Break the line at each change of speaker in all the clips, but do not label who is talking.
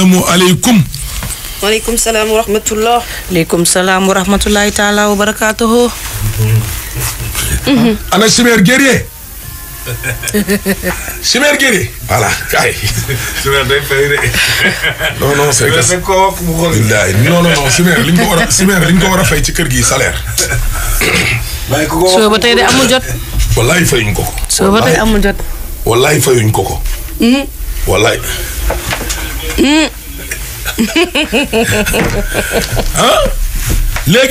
السلام عليكم
وعليكم السلام ورحمة الله عليكم السلام ورحمة الله تعالى وبركاته أه،
أنا سمير جيري سمير جيري فوالا كاي سمير داي فايري نو نو سي كاس كوك مخول لا نو نو نو سمير لي نكو سمير لي نكو ورا فاي سالير باي كوكو سو باتاي دي والله فاي نكو
سو باتاي امو
والله فاي نكو والله ah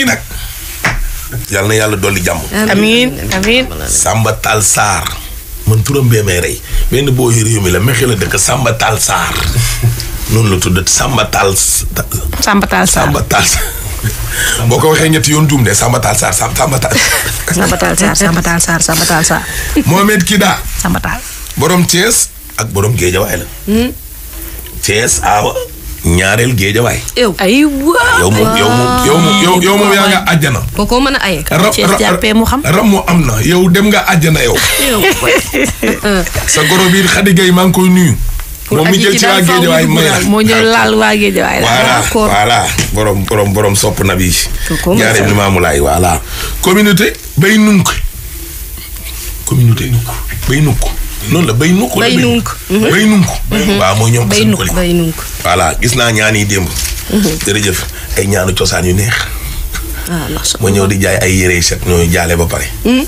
nak yalla yalla doli yàlla amin amin Samba tal sar mën turam bee may rey bo booy réew mi la mexe la dëkk Samba tal sar non la tudd Samba tal Samba tal sar Samba tal boo ko waxee ñetti yoon dum de Samba tal sar Samba tal Samba tal sar
Samba tal sar Samba tal sar
Mohamed Kida. Samba tal borom Thiès ak borom Géejawaay la. Hmm? Thiès Awa ñaareel géejawaay.
yow moom yow
moom yow moom yaa nga àjjana.
kookoo mën a aye. mu xam
ram moo am na yow dem nga àjjana yow. sa goro biir Khady Gueye maa ngi koy nuyu. moom mi jël ci waa géejawaay moo
ñu laal waa géejawaay la. voilà
borom borom sopp na bi. kookoo mos ñaareel Limaamu Laay voilà. communauté bay nunk communauté bay nunk. noonu la bay nunk bay nunk bay nunk mhm. mhm. waaw mooy ñoom bay nunk bay nunk voilà gis naa ñaani yi démb mhm. jërëjëf ay ñaanu cosaan yu neex ah, ma ñëw di jaay ay yére yu set ñooy jaale ba pare hmm?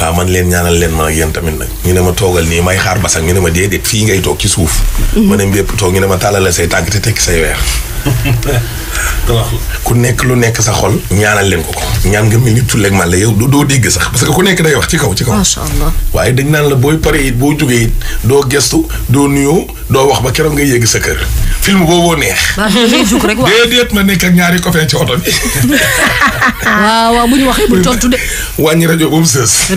waaw man leen ñaanal leen man ak yéen tamit nag ñu ne ma toogal nii may xaar basak ñu ne ma déedéet fii ngay toog ci suuf ma ne mbépp toog ñu ne ma tàllale say tànk te tekki say weex ku nekk lu nekk sa xol. ñaanal leen ko ko. ñaan nga mel ni tulleeg man la yow doo dégg sax parce que ku nekk day wax ci kaw ci kaw. macha waaye dañ naan la booy pare it boo jógee it doo gestu doo nuyoo doo wax ba keroog nga yegg sa kër. film booboo neex. déedéet ma nekk ak ñaari copain ci oto bi.
waaw bu ñu waxee bu tontu de.
wàññi rajo boobu sës.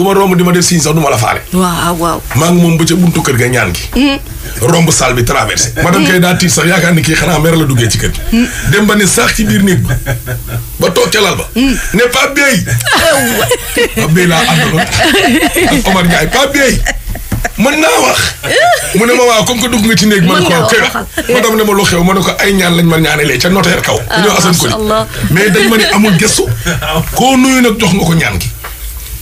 kuma ma romb di ma def signe sax duma la faale.
waaw waaw.
maa ngi moom ba ca buntu kër ga ñaan gi. Hmm. romb salle bi traverser hmm. ma dem kay daa tiit sax yaakaar ni ki xana mer la duggé ci kër hmm. dem ba ni sax ci bir nit ba ba ci lal ba. ne Pape Beye. Pape la laa àndaloon ak Omar Ndiaye Pape Beye. mën wax mu ne ma wa comme ko dugg nga ci neeg man ko kay ma dama ne ma lu xew ma ne ko ay ñaan lañ ma ñaanalee ci notaire kaw ah, ñu asan ko mais dañ ma ni amul gëstu ko nuyu nak jox nga ko ñaan gi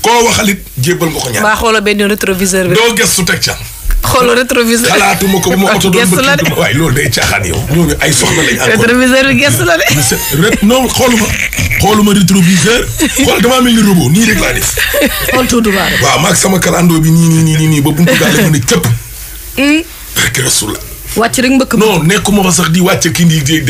koo waxalit jébbal nga ko ñaan. waa
xoolal benn rétroviseur bi. doo
gëstu teg ca. xoolal rétroviseur xalaatuma ko bu ma oto doon bëgg waaye loolu day caaxaan yow ñooñu ay soxla lañ encore rétroviseur bi gëstu la de non xooluma xooluma rétroviseur xool damaa mel ni robot nii rek laa def xool tuuti baax waaw maag sama kalandoo bi nii nii nii nii ba buntu gaale ma ne cëpp hmm? rek rasul la wàcc rek mbëkk non nekkuma fa sax di wàcc kii di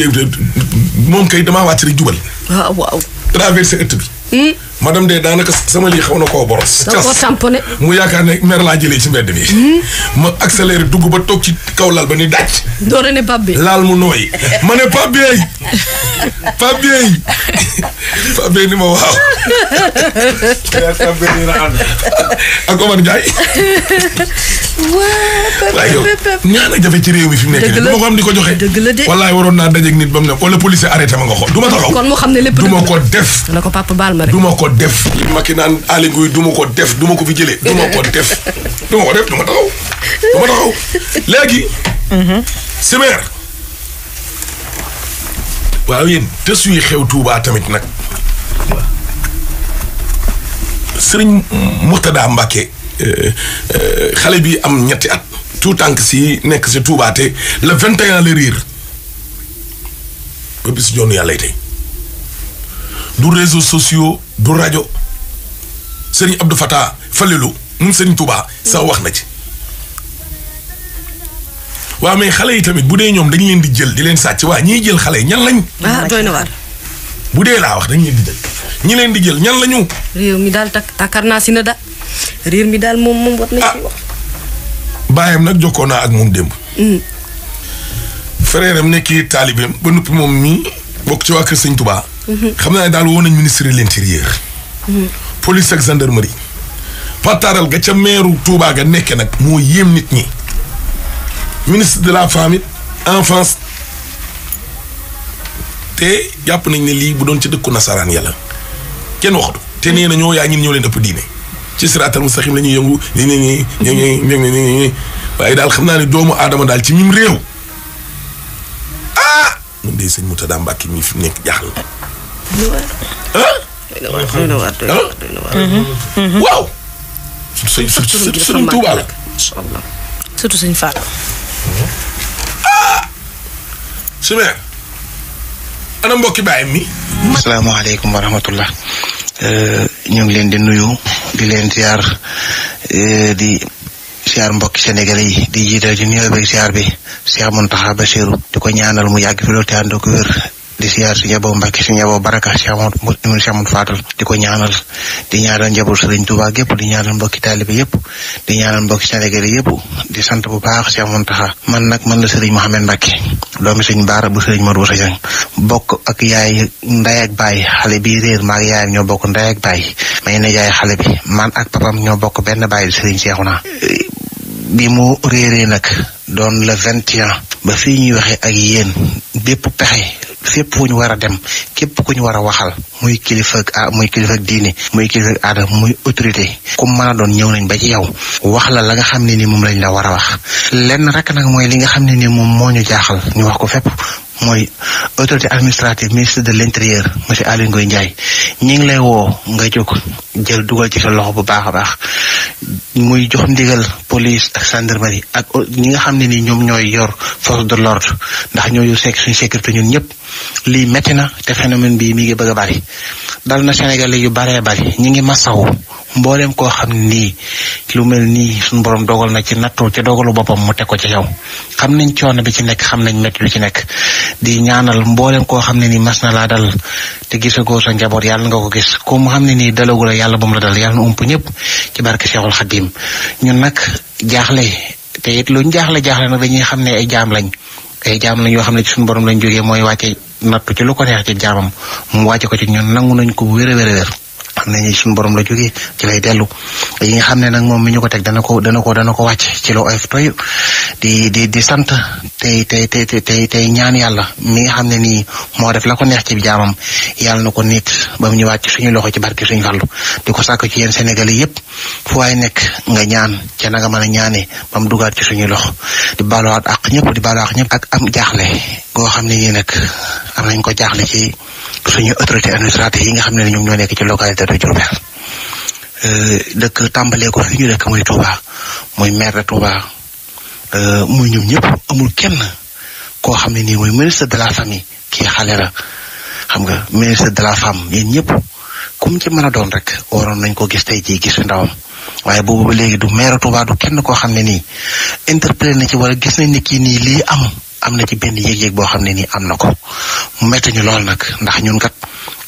moom kay damaa wàcc jubal waaw ah, waaw traversé ëtt bi hmm? madame de daanaka sama li xawna ko boros. da tamponé mu yaakaar ne mer la jëlé ci mbéd bi hmm? ma accéléré dugg ba tok ci kaw lal ba ni dacc do ne Pape Lal mu noy mané ne Pape Beye Pape Beye ni ma waaw. ak Omar Ndiaye.
waa Pape Beye Pape
ñaan a jafe ci réew mi fi mu nekk nii. dëgg la du ma ko am di ko joxe. dëgg la de wallaay waroon naa dajeeg nit ba mu ne wala policier arrêté ma nga xool du ma taxaw. kon moo xam ne lépp ko def. dama papa baal ma rek du ko ko def li Macky naan Aly Ngouille ko def duma ko fi jële du ma ko def du ko def du taxaw
du taxaw
léegi simeer waaw yéen tës xew tuubaa tamit nag sëriñ Murtada Mbàkke euh, euh, xale bi am ñetti at tout tànk si nekk si Touba te le vingt et un la riir ba bis joonu yàlla tey du réseaux sociaux du rajo sëriñ abdu Fattah Falilou moom sëriñ Touba sax wax na ci waaw mais xale yi tamit bu dee ñoom dañ leen di jël di leen sàcc waa ñiy jël xale yi ñan lañ. ah doy bu dee laa wax dañ leen di jël ñi leen di jël ñan lañu.
réew mi daal tak takar naa si na da réer mi daal moom moom war nañ ci ah. wax.
baayam nag jokkoo naa ak moom démb. Hmm. frère am nekk taalibeem ba nuppi moom mi bokk ci waa kër sëñ Touba. xam naa ne daal woo nañ ministre de l' intérieur. police ak gendarmerie. pataaral ga ca meeru Touba ga nekke nag moo yéem nit ñi. ministre de la famille enfance te jàpp nañ ni lii bu doon ci dëkku nasaraan yàlla kenn waxatu te nee na ñoo yaa ñin ñoo leen ëpp diine ci siraatal mustaqim la ñuy yëngu ni ni ni ni ni waaye daal xam naa ne doomu aadama daal ci mim réew ah mun dee sëñ Moutada Mbacke mii fi mu nekk jaaxal waaw. surtout surtout sëñ Tuuba la.
Faal.
ah. su ana mbokki baay mi. asalaamaaleykum wa rahmatullah. Eh, ñu ngi leen di nuyu. di leen ziar eh, di. siyaar mbokki Sénégal yi di jiital ci nuyoo beeg siyaar bi Cheikh Mountakha Bassirou di ko ñaanal mu yàgg fi loolu te wér di siar si ñaboo mbàkke si ñaboo baraka si amut mun si amut fatal di ko ñaanal di ñaanal njaboot sëriñ tuuba gépp di ñaanal mbokki taalibe yépp di ñaanal mbokki sénégal yépp di sant bu baax si amoon taxa man nag man la sëriñ mohamed mbàkke doomi sëriñ baara bu sëriñ madu sa bokk ak yaay nday ak baay xale bi réer maag yaayam ñoo bokk nday ak baay may na yaay xale bi man ak papam ñoo bokk benn baay di sëriñ bi mu réeree nak don le 21 ba fii ñuy waxe ak fépp fu ñu war a dem képp ku ñu war a waxal muy kilifa ak muy kilifa diine muy kilifa ak muy autorité ku mën a doon ñëw nañ ba ci yow wax la la nga xam ne ni moom lañ la war a wax lenn rek nag mooy li nga xam ne ni moom moo ñu jaaxal ñu wax ko fépp mooy autorité administrative ministre de l'intérieur monsieur Aly Ngouille Ndiaye ñi ngi lay woo nga jóg jël dugal ci sa loxo bu baax a baax muy jox ndigal police ak gendarmerie ak ñi nga xam ne ni ñoom ñooy yor force de l'ordre ndax ñoo yor suñu sécurité ñun ñëpp lii métti na te phénomène bi mi ngi bëgg a bari dal na Sénégalais yu baree bari ñi ngi masawu mbooleem koo xam nii lu mel nii suñu borom dogal na ci nattu ci dogalu boppam mu teg ko ci yow xam nañ coono bi ci nekk xam nañ métti lu ci nekk di ñaanal mboolem koo xam ne nii mas na laa dal te gisagoo sa njaboot yàlla nga ko gis kom mu xam ne nii dalagu la yàlla ba la dal yàlla na ump ñëpp ci barke Seexul Xadim ñun nag jaaxle te it luñ jaaxle jaaxle nag dañuy xam ne ay jaam lañ ay jaam lañ yoo xam ne ci suñu borom lañ jógee mooy wàcce nattu ci lu ko neex ci jaamam mu wàcce ko ci ñun nangu nañ ko wér a wér xamne ne suñu borom la joggé ci lay dellu yi nga xamne nak mom mi ñuko tek dana ko dana ko dana ko wacc ci lo oyof toy di di di sante tey tey tey tey tey ñaan yalla mi nga xamne ni mo def la ko neex ci jaamam yalla nako nit bam ñu wacc suñu loxo ci barke suñu fallu diko sakku ci yeen sénégalais yépp fu way nek nga ñaan ci na nga mëna ñaané bam duggaat ci suñu loxo di baaluwaat ak ñepp di baalu ak ñëpp ak am jaxlé go xamne ne nak am nañ ko jaxlé ci suñu autorité administrative yi nga xamne ñu ñoo nek ci localité mooy Diourbel euh, dëkk tàmbalee ko fi ñu dëkk mooy Touba mooy maire de Touba euh, muy ñoom ñëpp amul kenn koo xam ne nii mooy ministre de la famille kii xale la xam nga ministre de la femme yéen ñëpp comme ci mën a doon rek waroon nañ ko gis tey jii gis fi ndawam waaye boobu ba léegi du maire Touba du kenn koo xam ne nii interpellé na ci wala gis nañ ne kii nii lii am am na ci benn yéeg-yéeg boo xam ne nii am na ko mu lool nag ndax ñun kat.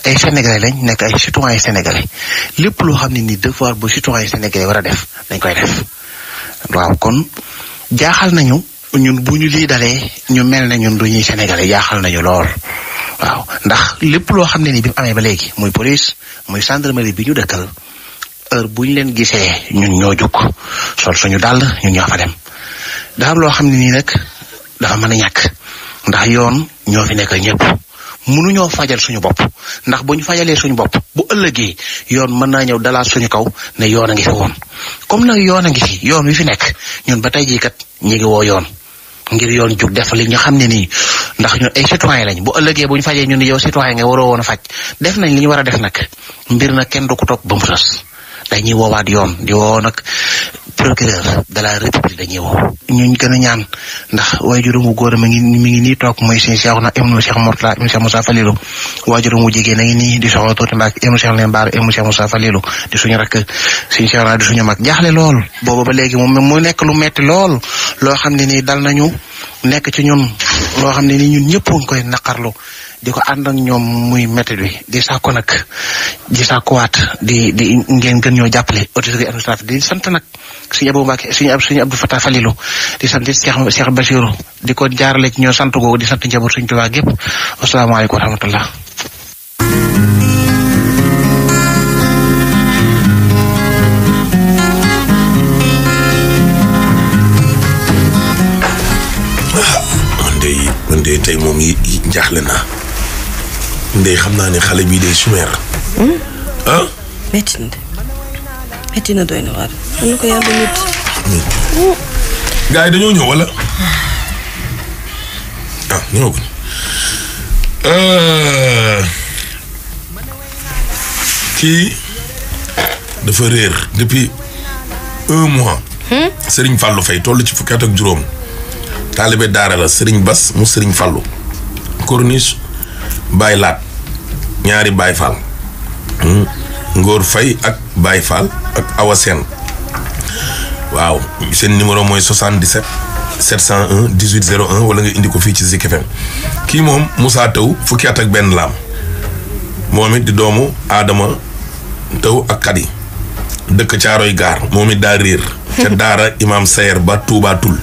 ay sénégalais lañ nek ay citoyen sénégalais lepp loo xamni ni devoir bu citoyen sénégalais wara def dañ koy def waaw kon jaaxal nañu ñun buñu li dalé ñu mel ne ñun duñu sénégalais jaaxal nañu lool waaw ndax lepp loo xamni ni bimu amé ba légui muy police muy gendarmerie biñu dekkal heure buñ leen gisé ñun ñoo juk sol suñu dal ñun ñoo fa dem da am lo xamni ni nak nag dafa mëna ñak ndax yoon ñoo fi nekkal ñepp mënuñoo fajal suñu bopp ndax bu ñu fajalee suñu bopp bu ëllëgee yoon mën naa ñëw dalaat suñu kaw ne yoon a ngi fi woon comme nag yoon a ngi fi yoon wi fi nekk ñun ba tey jii kat ñu ngi woo yoon ngir yoon jug def li ñu xam ne ni ndax ñun ay citoyen lañ bu ëllëgee bu fajee ñun yow citoyen nga waroo woon a faj def nañ li ñu war a def nag mbir na kenn du ko topp ba mu tas dañuy woowaat yoon di woo nag procureur de la république dañuy ñuñ gën a ñaan ndax waajuram wu góor a ngi mi ngi nii toog mooy sëñ Cheikh na ibnu Cheikh Mourtala ibnu Cheikh Moussa Falilou waajuram wu jigéen ngi nii di soxna tuuti ndax ibnu Cheikh leen baar ibnu Cheikh Moussa Falilou di suñu rakk sëñ Cheikh na mag jaaxle lool boobu ba léegi moom mu nekk lu metti lool loo xam ne nii dal nañu nekk ci ñun loo xam ne nii ñun ñëpp ngi koy naqarlu di ko ànd ñoom muy métti bi di saako nag di saakowaat di di ngeen gën ñoo jàppale autorité administrative di sant nag suñu Abou Mbacke suñu suñu Abdou Fatah Falilou di sant Cheikh Cheikh Bassirou di ko jaarale ci ñoo sant googu di sant njaboot suñu Tuubaa gépp asalaamaaleykum wa rahmatullah
ah, man de ndey xam naa ne xale bii day sumeer. ah. Hmm? métti na de métti na doy na waar.
am na ko yàlla métti. Hmm.
gars yi dañoo ñëw wala. ah euh, dafa réer depuis un mois. Hmm? Serigne Fallou Faye toll ci fukki ak juróom. taalibe daara sëriñ Bas mu Serigne Fallou. corniche. Baay Laat ñaari Baay Faal hmm? Ngóor Fay ak Baay Faal ak awasen waaw seen numéro mooy 77 701 18 01 wala nga indi ko fii ci Zik FM kii moom Moussa Taw fukki at ak benn laam moom it di doomu aadama Taw ak Kadi dëkk Caaroy Gaar moom it daa réer ca daara Imaam Sayer ba Touba Toul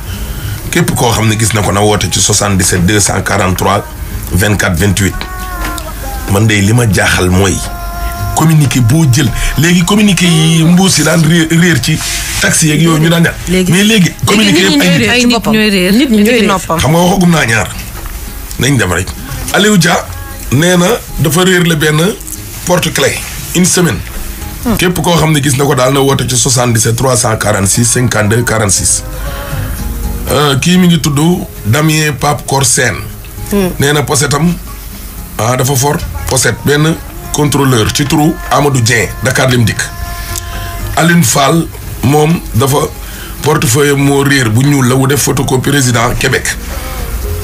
képp koo xam ne gis na ko na woote ci 77 243 24 28 man day li ma jaaxal mooy communiqué boo jël léegi communiqué yi mbuus yi daan réer ci taxi yeeg yooyu ñu daan ñaar. mais léegi communiqué yëpp ay nit ñooy
réer nit ñi ñooy noppam
xam nga waxagum naa ñaar nañ dem rek Aliou Dia nee na dafa réer la benn porte clé une semaine. Hmm. képp koo xam ne gis na ko daal na woote ci 77 346 52 46. kii mi ngi tudd Damien Pape Corsène. Hmm. nee na posetam ah dafa fort. Fosset benn contrôleur ci turu Amadou Dieng Dakar Dem Dikk Aline Fall moom dafa portefeuille moo réer bu ñuul la wu def photo ko président Québec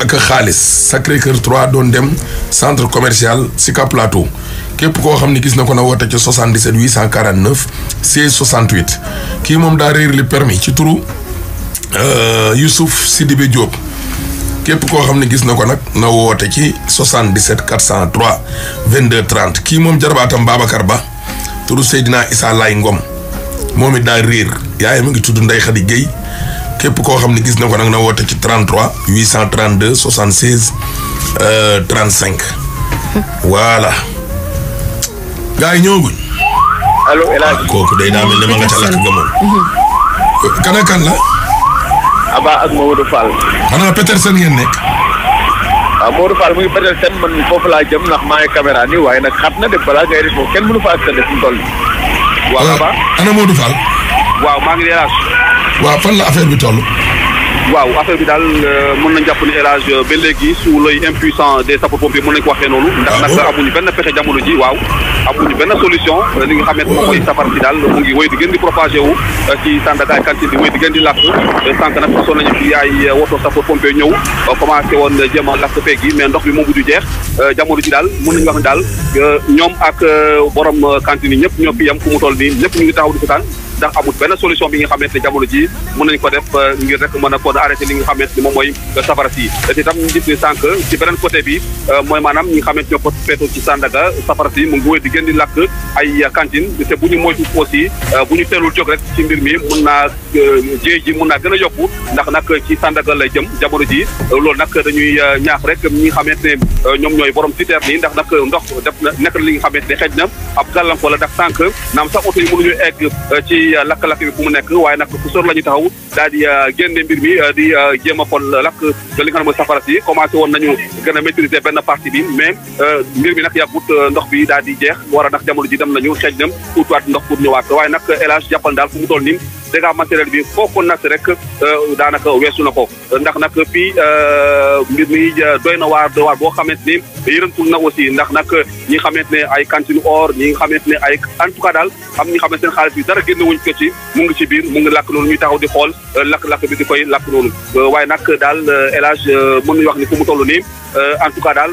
ak xaalis Sacré-Cœur 3 doon dem centre commercial Sicap Plateau képp koo xam ne gis na ko na woote ci 77 849 16 68 kii moom daa réer li permis ci turu euh, Youssouf Sidibé Diop. képp koo xam ne gis na ko nag na woote ci 77 403 22 30 kii moom jarbaatam Babacar Ba turu Seydina Issa Laye Ngom moom it daa réer yaayam mu ngi tudd Ndeye Khady Guèye képp koo xam ne gis na ko nag na woote ci 33 832 76 35. voilà. gars yi ñëwaguñ. allo El Hadj ah, kooku day daa ne ma nga ca lakk ga moom. Mhm. kan kan la. Abba ak Mamadou Fall. xanaa Petersen ngeen nekk.
waaw Mamadou Fall mu ngi Petersen man foofu laa jëm ndax maa ngi caméra nii waaye nag xam na de balaa ngay def foofu kenn mënu fa accéder fi mu toll nii. waaw Abba ana Mamadou Fall. waaw maa ngi Elage.
waa fan la affaire bi toll.
waaw affaire bi daal euh, mën na jàpp ni Elage ba léegi sous l'œil impuissant de sapeurs-pompiers mën na ko waxee noonu. ndax ah nag amuñu benn pexe jamono ji waaw. amuñu benn solution euh, li nga xamante moom mooy safar si daal mu ngi wéy di gën di propagé euh, ci Sandaga ay cantine di wéy di gën di lakk euh, sànq nag nañu fi yaay woto sapeur pompier ñëw commencé woon jéem a lakk feeg yi mais ndox bi moom bu du jeex jamono ji daal mën nañu wax ne daal ñoom ak borom cantine yi ñëpp ñoo fi yem ku mu toll nii ñëpp ñu ngi taxaw di seetaan ndax amul benn solution bi nga xamante ne jamono ji mën nañ ko def euh, ngir rek mën a kon arrêté li nga xamante ni moom mooy euh, safara si te itam gis ni sànq ci beneen coté bi euh, mooy maanaam ñi nga xamante ñoo ko feetu ci Sandaga safara si mu ngi wéy di gën di lakk ay cantine te bu ñu moytu aussi bu ñu teelul jóg rek ci mbir mi mën naa Euh, jéey ji mun naa gën a yokku ndax nag ci Sandaga lay jëm jamono ji euh, loolu nag dañuy euh, ñaax rek ñi nga xamante ne ñoom ñooy borom citerne yi ndax nag ndox def na nekk li nga xamante ne xëj na ab gàllankoor la ndax sànq naam sax oto yi mënuñu egg ci lakk-lakk bi fu mu nekk waaye nag fu sor la ñu taxaw daal di génne mbir mi di jéem a xool lakk li nga xam safara si commencé woon nañu gën a maîtriser benn partie bi mais mbir mi nag yàggut ndox bi daal di jeex war a jamono ji dem nañu xëj na utuwaat ndox pour ñëwaat waaye nag élage jàppal daal fu mu toll nii dégâts matériel bi foo ko natt rek euh, daanaka weesu na ko ndax nag fii euh, mbir mi euh, doy na waar doy waar boo xamante ni yërëmtul na aussi ndax nag ñi nga xamante ne ay cantine or ñi nga xamante ne ay en tout cas daal am ñi xamante ne xaalis bi dara génne wuñ ko ci mu ngi ci biir mu ngi lakk noonu ñuy taxaw di xool lak lakk bi di koy lakk noonu waaye nag daal élage mën nañu wax ni fu mu toll nii en tout cas daal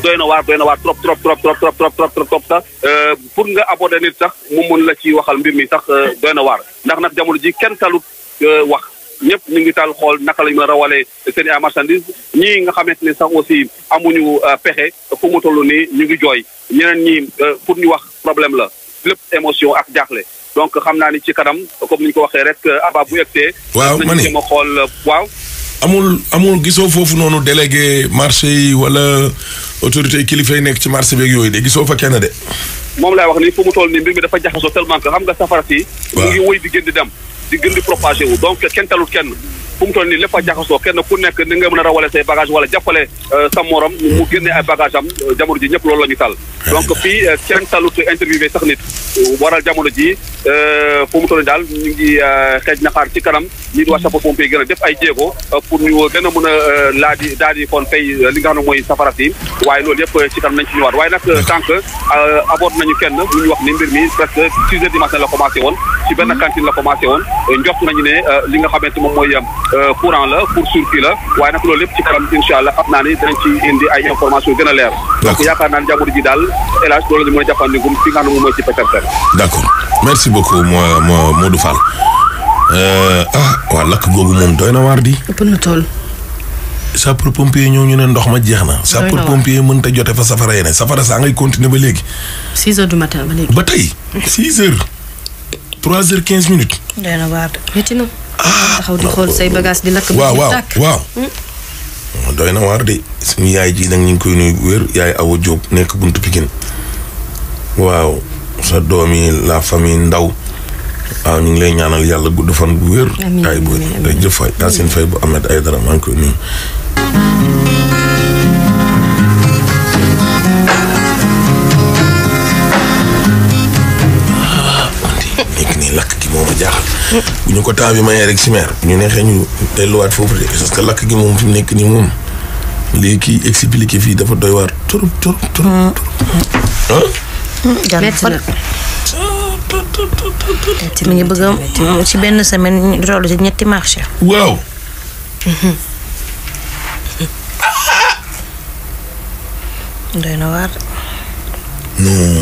doy na waar doy na waar trop trop trop trop trop trop trop trop trop sax euh, pour nga aborder nit sax mu mën la ci waxal mbir mi sax euh, doy na ndax nak jamono ji kenn talut euh, wax ñëpp ñu ngi tal xol naka lañu rawale seen ay marchandise ñi nga xamanteni sax aussi amuñu pexé fu mu tollu ni ñu ngi joy ñeneen ñi pour ñu wax problème la lepp émotion ak jaxlé donc xamna ni ci kanam comme niñ ko waxé rek aba bu yegsee waaw ma ma
waaw amul amul gisoo foofu noonu délégué marché yi wala autorité yi kilifa yi nekk ci marché beeg yooyu de gisoo fa kenn de.
moom laay wax nii fu mu toll nii mbir mi dafa jaxasoo tellement que xam nga safara si. mu ngi wëy di gën di dem di gën di propagé wu donc kenn talul kenn. fu mu toll nii lépp a jaxasoo kenn ku nekk ni nga mën a rawale say bagage wala jàppale euh, sa morom mu génne ay bagage euh, jamono ji ñëpp loolu la ñu tal donc fii euh, kenn talut interviewé sax nit waral jamono ji fu mu toll nii daal ñu ngi xeej na xaar ci kanam ñi di waa sapeur pompier gën a def ay jéego pour ñu gën a mën a laa di daal di kon tey li nga xam ne mooy safara si waaye loolu yëpp ci kanam nañ ci ñëwaat waaye nag tant que aborde nañu kenn lu ñu wax ni mbir mi presque six heures du matin la commencé woon ci benn cantine la commencé woon njort nañu ne li nga xamante moom mooy Eh, courant la pour surfi la waaye nag loolu ci kanam incha allah ni ci indi ay information gën leer donc yaakaar naa ne ji daal élage loolu lañu mën a jàppandikul fi nga
ci merci beaucoup moi, moi, Modou Fall euh, ah waa lakk googu moom doy na di ëpp na tool sapeur pompier ñëw ñu ne ndox ma jeex na sapeur pompier mënta jote fa safara yene safara ngay continuer ba six heures du matin ba ba six heures trois heures quinze minutes
doy na waar taxaw di xool say hmm.
oh, doy na waar de suñu yaay ji nag ñu ngi koy nuyu bu wér yaay Awa Diop nekk buntu Pikine waaw sa doom yi la famille ndaw waaw ñu ngi lay ñaanal yàlla gudd fan bu wér. amiin amiin yaay booy jëf fay daa seen fay bu Ahmed Aïdara maa ngi koy nuyu. moo ma jaaxal. bu ñu ko temps bi mayee rek si meer. ñu neexee ñu delluwaat foofu de parce que lakk gi moom fi mu nekk nii moom léegi kii expliqué fii dafa doy waar trop trop trop. ah.
mi ngi bëgg a ci benn semaine ñu toll ci ñetti marché. waaw. doy na waar.
non.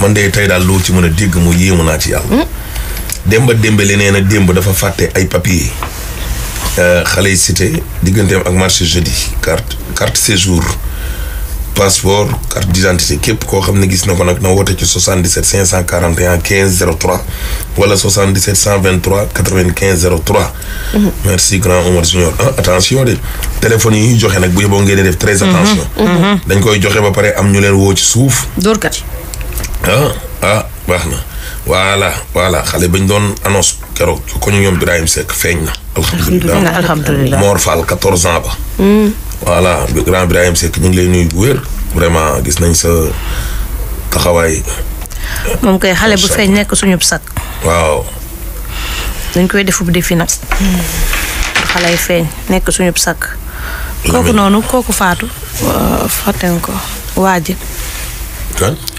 man day tay dal loo ci mën deg mu yéemu naa ci yalla Demba Dembélé nee na dafa faté ay papiers. euh yi cité digganteem ak marché jeudi carte carte séjour passeport carte d'identité kep ko xamné gis nako nak na woté ci 77 541 15 03 wala 77 123 95 03. merci grand Omar Junior ah attention de téléphone yi ñuy joxe bu yeboo ngeen def. très attention. Mm-hmm. Mm-hmm. dañ koy joxé ba paré am ñu leen woo ci souf dor kat Ah, ah baax na voilà xale bañ doon annonce keroog ci koñu ñoom Birahim Seck feeñ na. alhamdulilah alhamdulilah Mor Fall 14 ans ba. Hmm. voilà grand Birahim Seck ñu ngi lay nuyu bu vraiment gis nañ sa taxawaay.
moom kay xale bu feeñ nekk suñu sag. waaw. dañ koy defu bu defi nag. Hmm. xale yi feeñ nekk suñu sag. kooku noonu kooku faatu. Euh, fàtte ko waa ji.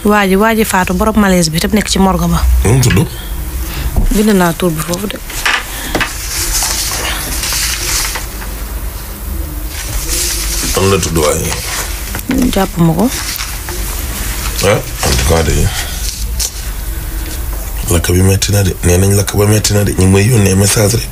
waa ji waa ji faatu borom malaise bi te nekk ci morgue ba.
moom tudd.
naa tur bi foofu de.
am na tudd waa ji. jàpp ma ko. ah en tout cas de lakk bi metti na de nee lakk ba metti na de ñu ngi may yónnee message rek.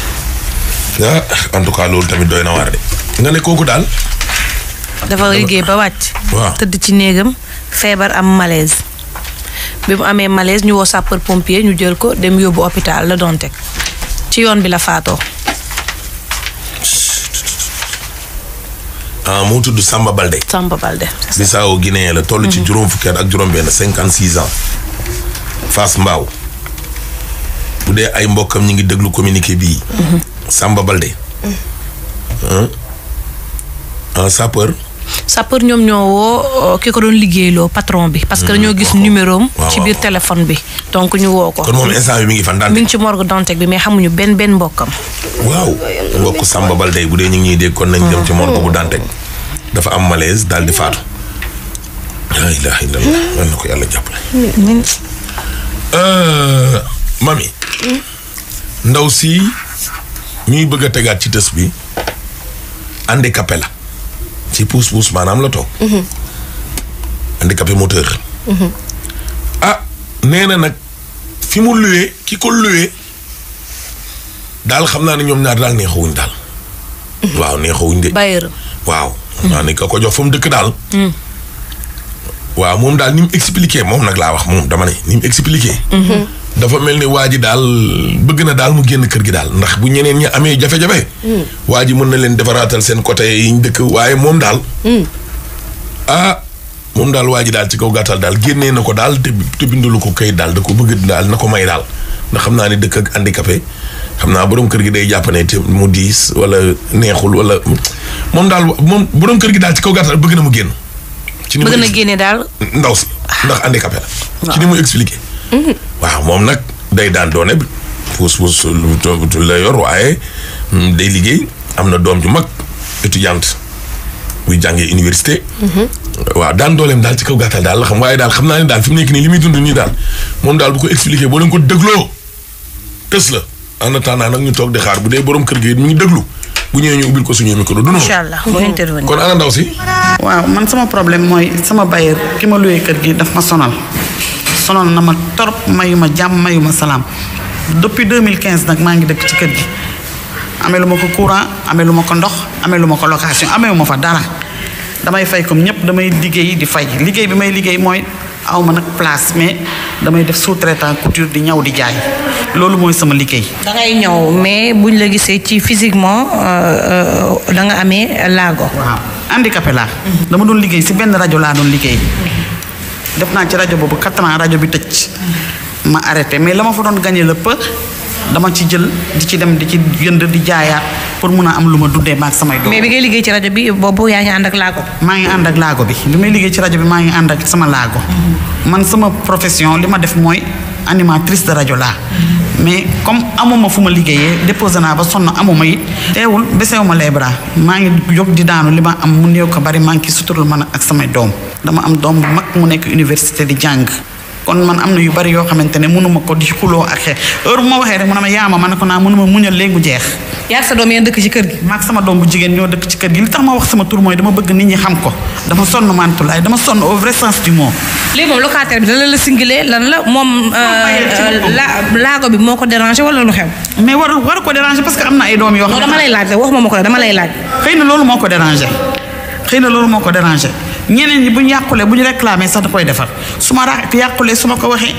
ah tout cas loolu tamit doy na de. nga ne kooku daal.
dafa liggéey ba wàcc. tëdd ci néegam feebar am malaise. bi mu amee malaise ñu woo sapeur pompier ñu jël ko dem yóbbu hôpital la doon teg ci yoon bi la faatoo.
ah mu tudd Samba Balde. Samba Balde. Bissau Guinée la toll ci mhm. juróom fukki at ak juróom-benn cinquante six ans. Fass Mbao bu dee ay mbokkam ñu ngi déglu communiqué bii. Mhm. Samba Balde. ah sapeur.
ñoom ñoo woo euh, ki ko doon liggéeyloo patron bi. parce que hmm, dañoo gis numéro am. ci biir téléphone bi. donc ñu woo ko. kon moom instant bi mi ngi fan Dantec mi ngi ci morgue Dantec benn benn mbokkam.
waaw mbokk bu dee ñu nañ dem ci morgue bu hmm. Dantec. dafa am malaise dal di faatu. la ilaha hmm. euh, mami. ndaw si. ñuy bëgg a tegaat ci tës bi handicapé la ci pousse pousse maanaam la toog. handicapé mhm. moteur. Mhm. ah nee na nag fi mu luwee ki luwee daal xam naa ne ñoom ñaar daal neexawuñ daal. Mhm. waaw neexawuñ de. bailleur waaw. naa ne ka ko jox mu dëkk daal. waaw moom daal ni mu expliqué moom nag laa wax moom dama ne mu expliqué. dafa mel ni waa ji daal bëgg na daal mu génn kër gi daal ndax bu ñeneen ñi amee jafe-jafe. Hmm. waa ji mën na leen defaraatal seen côté yi ñu dëkk waaye moom daal. Hmm. ah moom daal waa daal ci kaw gàttal daal génnee na ko daal te te bindalu ko kayit daal da bëgg daal na ko may daal ndax xam naa ne dëkk ak handicapé xam naa borom kër gi day jàpp ne mu diis wala neexul wala moom daal borom kër gi daal ci kaw gàttal bëgg na mu génn. ci ni mu bëgg na génne daal. ndaw si ndax handicapé la. Ah. ci ni mu expliqué. Hmm. waaw moom nag day daan doone bi puus puus la yor waaye mm, day liggéey am na doom ju mag étudiante buy jàngee université. Mhm. waaw daan dooleem daal ci kaw gàttal daal la xam waaye daal xam naa ne daal fi mu nekk nii li muy dund nii daal moom daal bu ko expliqué boo leen ko dégloo tës la en attendant
nag ñu toog di xaar bu dee borom kër gi mu ngi déglu bu ñëwee ñu ubbil ko suñu micro du noonu. Mhm. intervenir kon ana ndaw si. waaw man sama problème mooy sama bayeur ki ma loué kër gi daf ma sonal sonal na ma torop mayu ma jàmm mayu ma salaam depuis 2015 nak mangi dekk ci kër gi amé luma ko courant amé luma ko ndox amé luma ko location amelu ma fa dara damay fay comme ñep damay liggéey di fay liggéey bi may liggéey moy aw ma nag place mais damay def sous traitant couture di ñaw di jaay lolu moy sama liggéey
da ngay ñaw mais buñ la gisé ci physiquement euh, euh, da nga amé lago waaw
handicapé la dama doon liggéey ci ben radio la doon liggéey def naa ci rajo boobu quatre ans rajo bi tëj ma arrêté mais la ma fa doon gagné lépp dama ci jël di ci dem di ci yënd di jaayaat pour mun a am lu ma dundee maag samay doom. mais liggéey
ci rajo bi boobu
yaa ngi ànd maa ngi ànd ak laago bi li may liggéey ci rajo bi maa ngi ànd ak sama laago. man sama profession li ma def mooy animatrice de rajo laa. mais comme amuma fu ma liggéeyee déposé naa ba sonn amuma it. teewul besewu ma les maa ngi jóg di daanu li ma am mu néew ko bari maa ngi ciy suturlu ak samay doom. dama am doom bu mag mu nekk université di jàng kon man am na yu bari yoo xamante ne mënuma ko di xuloo ak xeex heure bu ma waxee rek mu am ma yaama ma ne ko naa mënuma muñal léegi mu jeex. yaa sa doom yéen dëkk ci kër gi. maag sama doom jigéen ñoo dëkk ci kër gi li tax ma wax sama tur mooy dama bëgg nit xam ko dama sonn mantulaay dama sonn au vrai sens moom locataire bi dana
la singilee lan la moom. Euh, euh, laago bi moo ko dérangé wala lu xew. mais war
war ko dérangé parce que am na ay doom yoo. xam ne dama lay laaj rek waxuma ma ko dama lay laaj. xëy na loolu moo ko dérangé xëy na loolu moo ko dérangé ñeneen ñi buñ yàqulee buñu ñu réclamé sax da koy defar su ma yàqulee su ko waxé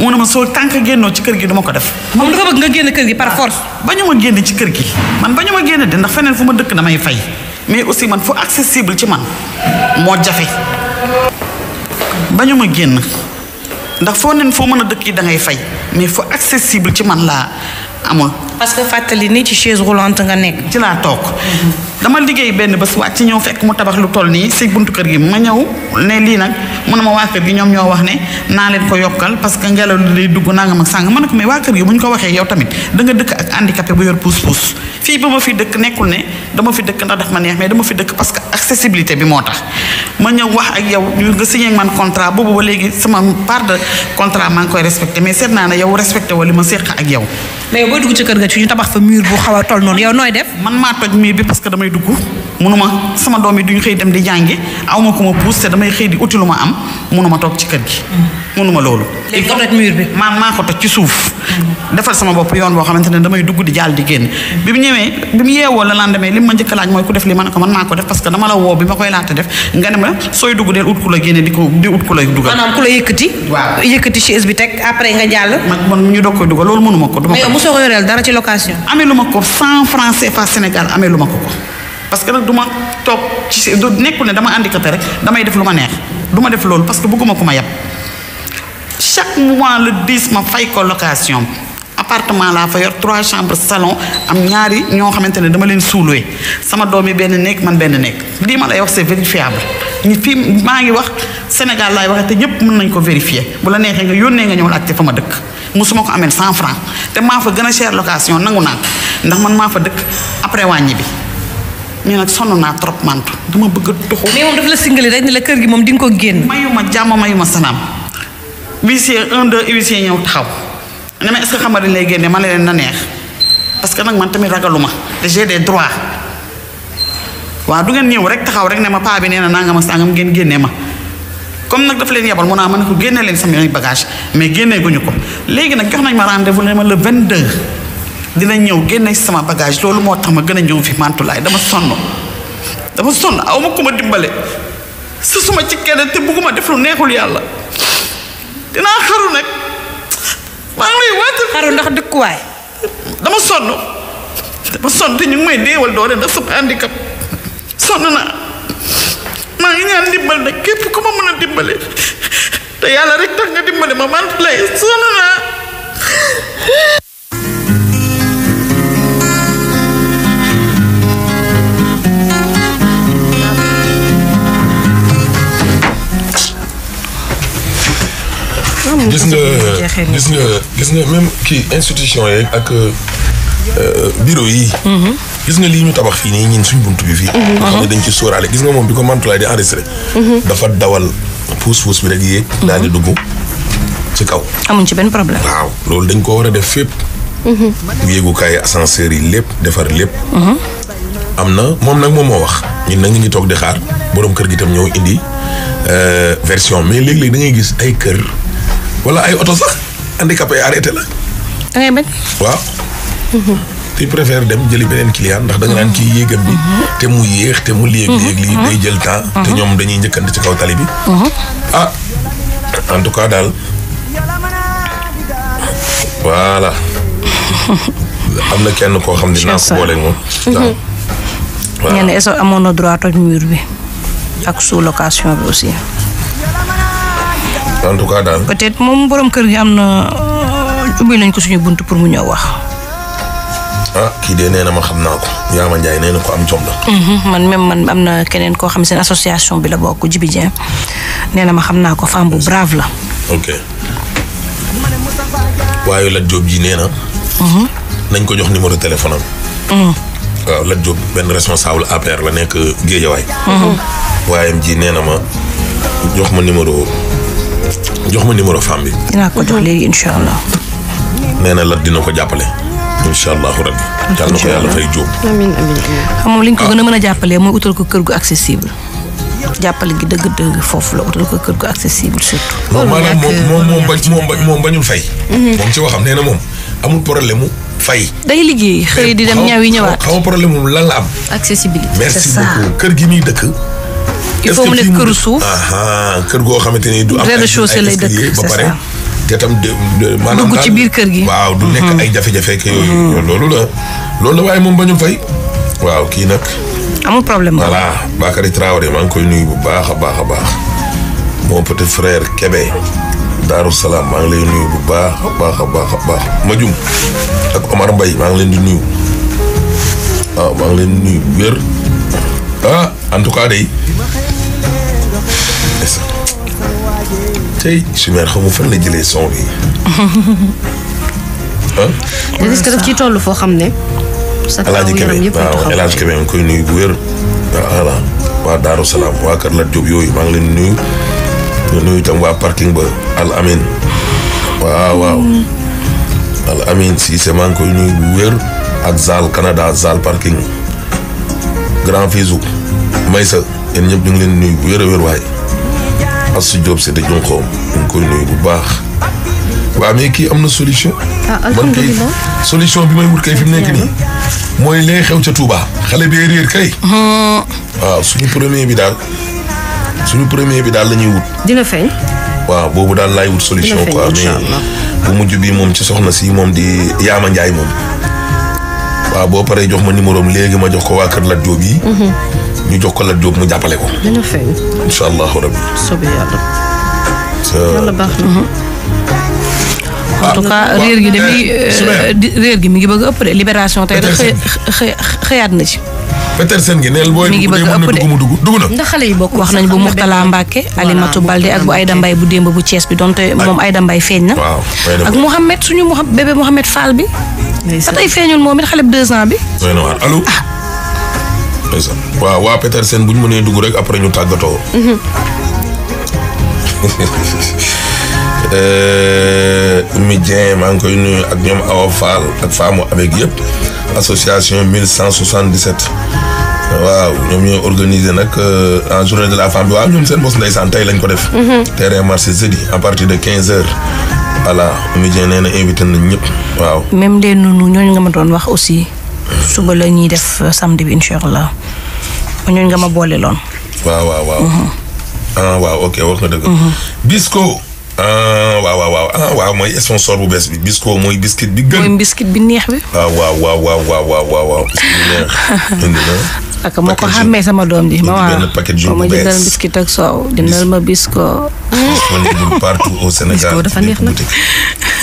mu ne ma soo tànk génnoo ci kër gi duma ko def moom nga bëgg nga genn kër gi par ah, force bañu ma génn ci kër gi man bañu ma de ndax feneen fuma dëkk damay fay mais aussi man fu accessible ci man mo jafé bañu ma génn ndax fo neen fo mëna a dëkk yi da ngay fay mais fu accessible ci man la amoon parce que fàttali ni ci chaise roulante nga nekk. ci laa toog. dama liggéey benn bés wàcc ñëw fekk mu tabax lu toll nii si buntu kër gi ma ñëw ne lii nag mun ne ma waa kër gi ñoom ñoo wax ne naa leen ko yokkal parce que ngelaw li lay dugg nangam ak sàng ma ne ko mais waa kër gi bu ñu ko waxee yow tamit danga dëkk ak handicapé bu yor pousse pousse. fii ba ma fi dëkk nekkul ne dama fi dëkk ndax daf ma neex mais dama fi dëkk parce que accessibilité bi moo tax ma ñëw wax ak yow ñu nga signé man contrat boobu ba léegi sama part de contrat maa ngi koy respecté mais seet naa ne yow respecté wali ma séq ak yow. mais yow boo dugg ci kër ga ci ñu tabax fa mur bu xaw a toll noonu yow nooy def. man maa toj mur bi parce que damay dugg munuma sama doom yi duñu xëy dem di jàngi awma ko ma puus damay xëy di uti lu ma am munuma toog ci kër gi. munuma loolu. léegi toj mur bi maa maa ko toj ci suuf. defal sama bopp yoon boo xamante ne damay dugg di jàll di génn bi mu ñëwee ñëwé bu mu yéwo la lendemain li ma jëk laaj moy ku def li man ko man mako def parce que dama la wo bi ma koy laata def nga ne ma soy dugg del out ku la génne di ko di ut ku lay dugal maanaam ku la waaw yëkëti ci bi tek après nga jall man man ñu doog koy dugal loolu mënuma ko duma mais mosoo ko yoreel dara ci location amé lu ko cent francs CFA Sénégal amé lu ko ko parce que nak duma top. ci nekkul ne dama handicapé rek damay def lu ma neex duma def lool parce que bëgguma ku ma yab chaque mois le 10 ma fay ko location appartement la fa yor trois chambres salon am ñaari ño xamantene dama len suulee sama domi ben nek man ben nek lii ma lay wax c'est vérifiable ñu fi ma ngi wax Sénégal lay wax té ñëpp mën nañ ko vérifier bu la nexé nga yónnee nga ñëw laajte fama dëkk musuma ko amel 100 francs té ma fa gëna cher location nangu ndax man ma fa dëkk après wañi bi mais nak sonu na trop mantu dama bëgg a mais mom dafa la singalé rek ni la kër gi mom di ko genn mayuma jamm mayuma salaam huissier 1 2 huissier ñëw taxaw ne ma est ce xamal xam nga dañ lay génne ma na neex parce que nak man tamit ragaluma j'ai des droits wa du ngeen ñew rek taxaw rek ne ma pa bi neena na nangam ak sangam ngeen génne ma comme nak daf leen yabal mo na man ko génne leen sama yeneen bagage mais génne guñu ko léegi nak jox nañ ma rendez vous ne ma le 22 dina ñew génne sama bagage lolu mo tax ma gëna ñew fi mantoulay dama sonno dama sonno aw ma ko ma suma ci kene te bugguma def lu neexul yalla dina xaru nak maa ngi lay waat. xaru ndax dëkkuwaay. dama sonn dama sonn te ñu ngi may deewal doole ndax sama handicap sonn naa maa ngi ñaan dimbal nag képp ku ma mën a dimbale te yàlla rek tax nga dimbale ma man lay sonn naa.
gis nga gis nga gis nga même kii institution yeeg ak euh, biro yi. Mhm. gis nga lii ñu tabax fii nii ñun suñ bunt bi fii. Mhm. nga xam ne dañ ci sóoraale gis nga moom bi ko Mantoulaye di enregistré. Mhm. dafa dawal puus puus bi rek yéeg. daal di dugg ci kaw.
amuñ ci benn problème.
waaw loolu dañ koo war a def fépp. yéegukaay ascenseur yi lépp defar lépp. am na moom nag moom moo wax ñu nag ñu ngi toog di xaar boroom kër gi tam ñëw indi euh, version mais léeg-léeg da gis ay kër. wala ay oto sax handicapé arrêté la. da ngay bañ. waaw. tu préfères dem jëli beneen client ndax da naan kii yéegam bi. Mhm. te mu yéex te mu léeg léeg mhm. lii mhm. day jël temps. te ñoom dañuy njëkkante ci kaw tali bi. ah en na kenn koo xam ne naa ko boole
ak sous location bi aussi.
en tout cas dal peut
être mom borom keur gi amna eh, ubi nañ ko suñu buntu pour mu ñëw wax
ah ki de neena ma xamna ko yaama njaay nee ko am jom la
mhm, man même man amna keneen ko xam sen association bi la bok jibi jeen nee ma xamna ko fam bu brave la
ok wayu la jóob ji neena hmm nañ ko jox numéro téléphone am mhm. waaw la jóob ben responsable APR la nekk géejawaay mhm. waayam ji neena ma jox ma numéro jox ma numéro femme bi.
dinaa ko jox léegi
incha allah. nee na dina ko jàppale. incha allahu rabbi. yàlla na ko yàlla fay jóob.
xam moom li ñu ko ah. gën a mën a jàppalee mooy utal ko kër gu accessible. jàppale dëgg-dëgg foofu la utal ko kër gu accessible surtout.
loolu maanaam euh, moom moom moom moom bañul fay. Mhm. moom ci waxam nee na moom amul problème mu fay.
day liggéey xëy di dem ñaaw yi ñëwaat.
xaw ma problème mu lan la am.
accessibilité si beaucoup
kër gi muy dëkk. il faut mu nekk këru suuf kër goo xamante ni du am rez-de-chaussée lay dëkk ba pare te tam maanaam dugg ci biir
kër gi waaw du
nekk mhm. ay jafe-jafe ak yooyu mhm. loolu la loolu la waaye moom bañu fay waaw kii nag amul problème voilà Bakary Traoré maa ngi koy nuyu bu baax a baax mon petit frère Kébé Darou Salam maa ngi lay nuyu bu baax a baax baax Majum ak Omar Mbaye maa ngi leen di nuyu waaw maa ngi leen nuyu wér ah en tout cas day tey Chimère xamu fan la jëlee son bi. ah.
est-ce que daf ciy foo xam ne.
sa taw yaram ngi koy nuyu bu wér. voilà waa Daaru waa Kër Lat Diop yooyu maa ngi leen nuyu. ñu nuyu tam waa parking ba Al Amin. waaw waaw. Mm. Al maa ngi koy nuyu bu ak Zal Canada Zal parking. grand Fisou. Maysa yéen ñëpp ñu ngi leen nuyu bu wér waay. Asou Diop si dañoo xoom. ñu koy nuyu bu baax. waaw mais kii am na solution. Ah, man kay solution bi may wut kay fi nekk nii. mooy lee xew ca Touba. xale bee réer kay. Ah. waaw suñu premier bi daal suñu premier bi daal la ñuy wut. dina feeñ. waaw boobu daal laay wut solution. quoi mais bu mujj bi moom ci soxna si moom di Yaama Ndiaye moom. waaw boo paree jox ma numéro am léegi ma jox ko waa Kër Lat Diop yi.
Mm-hmm.
ñu jox ko la Diop mu jàppale ko. dina feeñ. incha allahu rabbi. soobee mhm. ah, réer gi de eh, eh, euh,
réer gi mi ngi bëgg a ëpp de libération te de xëy xëyaat na ci.
Petersen gi neel booy. mi ngi bëgg a ëpp de dugg mu dugg dugg ndax
xale yi bokk wax nañ bu Muxtala Mbacke Alimatu Balde ak bu Ayda Mbaye bu démb bu Thiès bi donte moom Ayda Mbaye feeñ na. ak Mouhamed suñu Mouha bébé Mouhamed Fall bi. ndeysaan ba tey feeñul moom it xale bu deux bi.
ndeysaan waaw waa Petersen bu ñu mënee dugg rek après ñu tàggatoo. Euh, mi maa ngi koy nuyu ak ñoom Awa Fall ak Faamu avec yëpp association 1177. waaw ñoom ñooy organiser nag euh, en journée de la femme bi waaw ñoom seen bos ndeysaan tey lañ ko def. Mhm. terrain marché jeudi à partir de 15 heures. voilà mi Dieng nee nañ ñëpp waaw.
même de nunu ñooñu nga ma doon wax aussi. suba la def euh, samedi bi incha allah. ñooñ nga ma boole loon.
waaw waaw waaw. Mhm. ah waaw ok wax nga dëgg. Mhm. Bisco. ah waaw waaw waaw ah waaw mooy sponsor bu bees bi Bisco mooy biscuit bi gën. mooy
biscuit bi neex bi.
Ah, waaw waaw waaw waaw waaw waaw waaw biscuit bi neex.
indi na. ak moo ko xàmmee sama doom ji. ma waaw benn
paquet jumbo bees ma jëndal biscuit
ak soow. dindal ma Bisco.
disponible partout au Sénégal. Bisco dafa neex na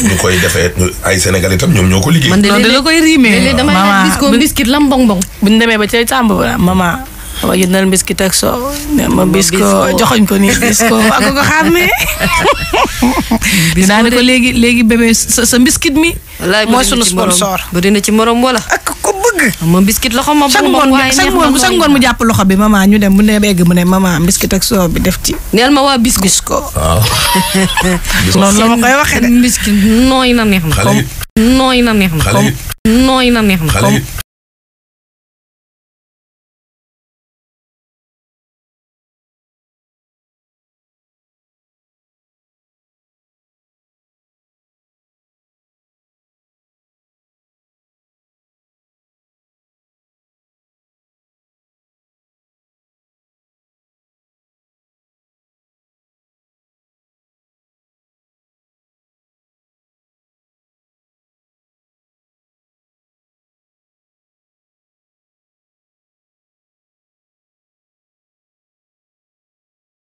ñu koy defee ay Sénégalais itam ñoom ñoo ko liggéey. man de
la koy riimee. maman biscuit lam bong bong. bu ñu demee ba ca càmb maman. ma jëndal mbiskit ak soow. ne ma bisko joxoñ ko nii bisko ak ko xam ne. dinaa ne ko léegi léegi bébé sa sa mbiskit mi. wallaay mooy sunu sponsor. bëri na ci morom wala. ak ko bëgg. moom ah, mbiskit loxo ma bu ma ngoon mu jàpp loxo bi maman ñu dem bu ne egg mu ne maman mbiskit ak soow bi def ci. neel ma waa bisko bisko. waaw.
noonu ma koy waxee de. mbiskit nooy na neex na. xale nooy na neex na. xale